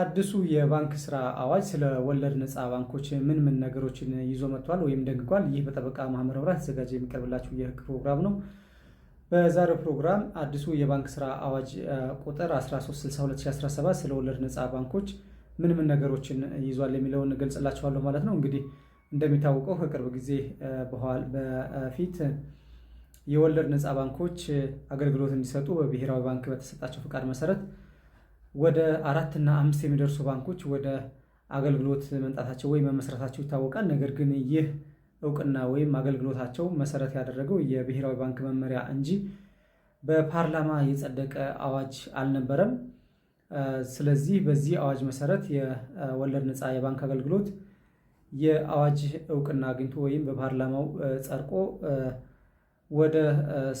አዲሱ የባንክ ስራ አዋጅ ስለ ወለድ ነፃ ባንኮች ምን ምን ነገሮችን ይዞ መጥቷል ወይም ደግጓል? ይህ በጠበቃ ማህመር መብራት የተዘጋጀ የሚቀርብላችሁ የህግ ፕሮግራም ነው። በዛሬው ፕሮግራም አዲሱ የባንክ ስራ አዋጅ ቁጥር 1362017 ስለ ወለድ ነፃ ባንኮች ምን ምን ነገሮችን ይዟል የሚለውን ገልጽላችኋለሁ ማለት ነው። እንግዲህ እንደሚታወቀው ከቅርብ ጊዜ በፊት የወለድ ነፃ ባንኮች አገልግሎት እንዲሰጡ በብሔራዊ ባንክ በተሰጣቸው ፈቃድ መሰረት ወደ አራት ና አምስት የሚደርሱ ባንኮች ወደ አገልግሎት መምጣታቸው ወይም መመስረታቸው ይታወቃል። ነገር ግን ይህ እውቅና ወይም አገልግሎታቸው መሰረት ያደረገው የብሔራዊ ባንክ መመሪያ እንጂ በፓርላማ የጸደቀ አዋጅ አልነበረም። ስለዚህ በዚህ አዋጅ መሰረት የወለድ ነፃ የባንክ አገልግሎት የአዋጅ እውቅና አግኝቶ ወይም በፓርላማው ጸድቆ ወደ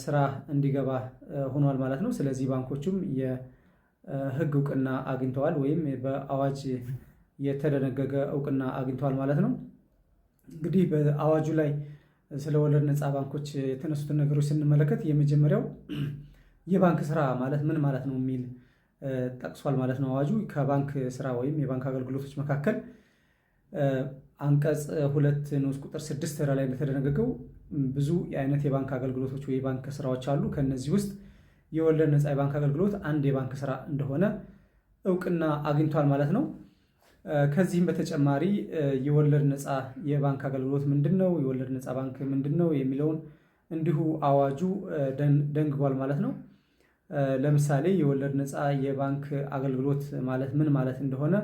ስራ እንዲገባ ሆኗል ማለት ነው። ስለዚህ ባንኮቹም ህግ እውቅና አግኝተዋል ወይም በአዋጅ የተደነገገ እውቅና አግኝተዋል ማለት ነው። እንግዲህ በአዋጁ ላይ ስለ ወለድ ነፃ ባንኮች የተነሱትን ነገሮች ስንመለከት የመጀመሪያው የባንክ ስራ ማለት ምን ማለት ነው የሚል ጠቅሷል ማለት ነው አዋጁ። ከባንክ ስራ ወይም የባንክ አገልግሎቶች መካከል አንቀጽ ሁለት ንዑስ ቁጥር ስድስት ላይ እንደተደነገገው ብዙ የአይነት የባንክ አገልግሎቶች ወይ የባንክ ስራዎች አሉ። ከእነዚህ ውስጥ የወለድ ነፃ የባንክ አገልግሎት አንድ የባንክ ስራ እንደሆነ እውቅና አግኝቷል ማለት ነው። ከዚህም በተጨማሪ የወለድ ነፃ የባንክ አገልግሎት ምንድን ነው፣ የወለድ ነፃ ባንክ ምንድን ነው የሚለውን እንዲሁ አዋጁ ደንግጓል ማለት ነው። ለምሳሌ የወለድ ነፃ የባንክ አገልግሎት ማለት ምን ማለት እንደሆነ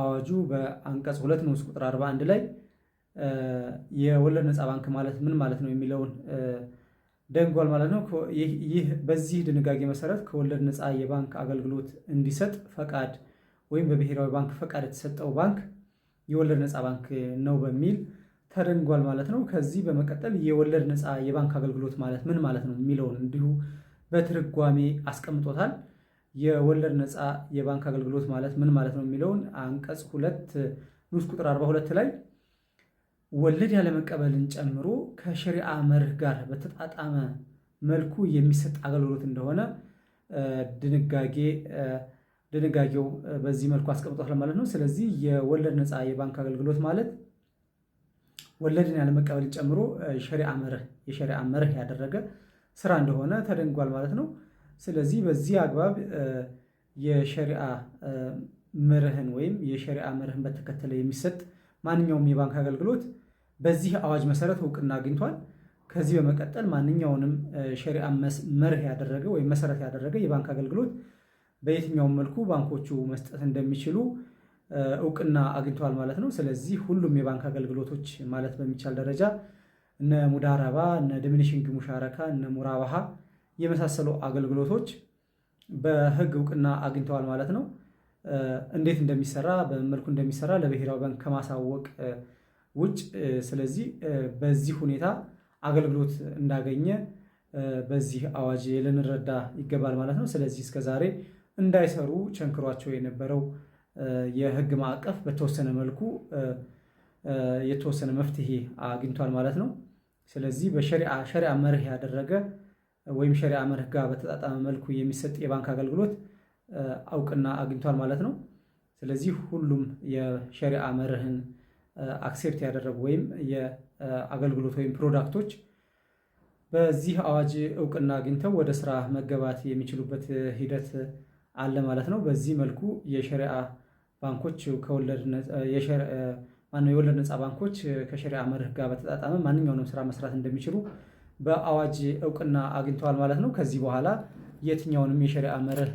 አዋጁ በአንቀጽ ሁለት ንዑስ ቁጥር 41 ላይ የወለድ ነፃ ባንክ ማለት ምን ማለት ነው የሚለውን ደንጓል ማለት ነው። ይህ በዚህ ድንጋጌ መሰረት ከወለድ ነፃ የባንክ አገልግሎት እንዲሰጥ ፈቃድ ወይም በብሔራዊ ባንክ ፈቃድ የተሰጠው ባንክ የወለድ ነፃ ባንክ ነው በሚል ተደንጓል ማለት ነው። ከዚህ በመቀጠል የወለድ ነፃ የባንክ አገልግሎት ማለት ምን ማለት ነው የሚለውን እንዲሁ በትርጓሜ አስቀምጦታል። የወለድ ነፃ የባንክ አገልግሎት ማለት ምን ማለት ነው የሚለውን አንቀጽ ሁለት ንዑስ ቁጥር 42 ላይ ወለድ ያለመቀበልን ጨምሮ ከሸሪዓ መርህ ጋር በተጣጣመ መልኩ የሚሰጥ አገልግሎት እንደሆነ ድንጋጌው በዚህ መልኩ አስቀምጧል ማለት ነው። ስለዚህ የወለድ ነፃ የባንክ አገልግሎት ማለት ወለድን ያለመቀበልን ጨምሮ መርህ የሸሪዓ መርህ ያደረገ ስራ እንደሆነ ተደንጓል ማለት ነው። ስለዚህ በዚህ አግባብ የሸሪዓ መርህን ወይም የሸሪዓ መርህን በተከተለ የሚሰጥ ማንኛውም የባንክ አገልግሎት በዚህ አዋጅ መሰረት እውቅና አግኝቷል። ከዚህ በመቀጠል ማንኛውንም ሸሪዓ መርህ ያደረገ ወይም መሰረት ያደረገ የባንክ አገልግሎት በየትኛውም መልኩ ባንኮቹ መስጠት እንደሚችሉ እውቅና አግኝተዋል ማለት ነው። ስለዚህ ሁሉም የባንክ አገልግሎቶች ማለት በሚቻል ደረጃ እነ ሙዳረባ፣ እነ ዲሚኒሽንግ ሙሻረካ፣ እነ ሙራባሃ የመሳሰሉ አገልግሎቶች በህግ እውቅና አግኝተዋል ማለት ነው። እንዴት እንደሚሰራ በመልኩ መልኩ እንደሚሰራ ለብሔራዊ ባንክ ከማሳወቅ ውጭ ስለዚህ በዚህ ሁኔታ አገልግሎት እንዳገኘ በዚህ አዋጅ ልንረዳ ይገባል ማለት ነው። ስለዚህ እስከዛሬ እንዳይሰሩ ቸንክሯቸው የነበረው የህግ ማዕቀፍ በተወሰነ መልኩ የተወሰነ መፍትሄ አግኝቷል ማለት ነው። ስለዚህ በሸሪዓ መርህ ያደረገ ወይም ሸሪዓ መርህ ጋር በተጣጣመ መልኩ የሚሰጥ የባንክ አገልግሎት እውቅና አግኝቷል ማለት ነው። ስለዚህ ሁሉም የሸሪዓ መርህን አክሴፕት ያደረጉ ወይም የአገልግሎት ወይም ፕሮዳክቶች በዚህ አዋጅ እውቅና አግኝተው ወደ ስራ መገባት የሚችሉበት ሂደት አለ ማለት ነው። በዚህ መልኩ የሸሪአ ባንኮች የወለድ ነፃ ባንኮች ከሸሪዓ መርህ ጋር በተጣጣመ ማንኛውንም ስራ መስራት እንደሚችሉ በአዋጅ እውቅና አግኝተዋል ማለት ነው። ከዚህ በኋላ የትኛውንም የሸሪዓ መርህ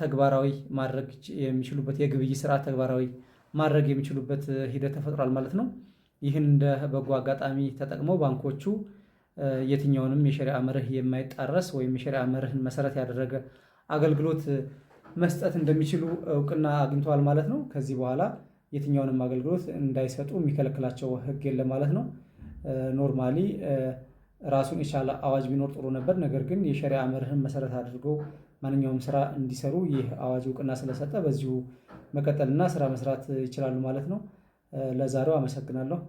ተግባራዊ ማድረግ የሚችሉበት የግብይት ስርዓት ተግባራዊ ማድረግ የሚችሉበት ሂደት ተፈጥሯል ማለት ነው። ይህን እንደ በጎ አጋጣሚ ተጠቅመው ባንኮቹ የትኛውንም የሸሪያ መርህ የማይጣረስ ወይም የሸሪያ መርህን መሰረት ያደረገ አገልግሎት መስጠት እንደሚችሉ እውቅና አግኝተዋል ማለት ነው። ከዚህ በኋላ የትኛውንም አገልግሎት እንዳይሰጡ የሚከለክላቸው ህግ የለም ማለት ነው። ኖርማሊ ራሱን የቻለ አዋጅ ቢኖር ጥሩ ነበር። ነገር ግን የሸሪያ መርህን መሰረት አድርጎ ማንኛውም ስራ እንዲሰሩ ይህ አዋጅ እውቅና ስለሰጠ በዚሁ መቀጠልና ስራ መስራት ይችላሉ ማለት ነው። ለዛሬው አመሰግናለሁ።